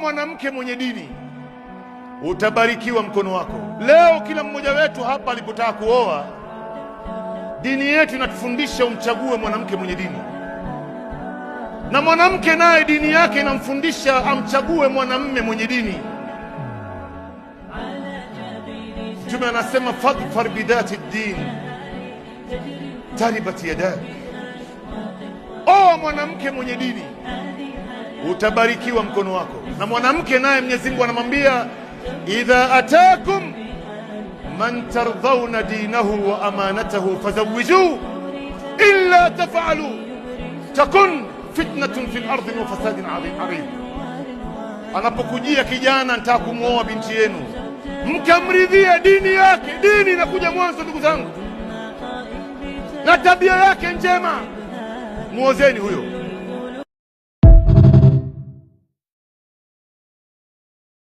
mwanamke mwenye dini, utabarikiwa mkono wako. Leo kila mmoja wetu hapa alipotaka kuoa, dini yetu inatufundisha umchague mwanamke mwenye dini, na mwanamke naye dini yake inamfundisha amchague mwanamme mwenye dini. Mtume anasema fadhfar bidati ddin taribat yadak, oa mwanamke mwenye dini utabarikiwa mkono wako. Na mwanamke naye Mwenyezi Mungu anamwambia idha atakum man tardhauna dinahu wa amanatahu fazawijuu illa tafalu takun fitnatun fil ardi wa fasadin adhim. Anapokujia kijana, nataka kumwoa binti yenu, mkamridhia dini yake. Dini inakuja mwanzo, ndugu zangu, na tabia yake njema, muozeni huyo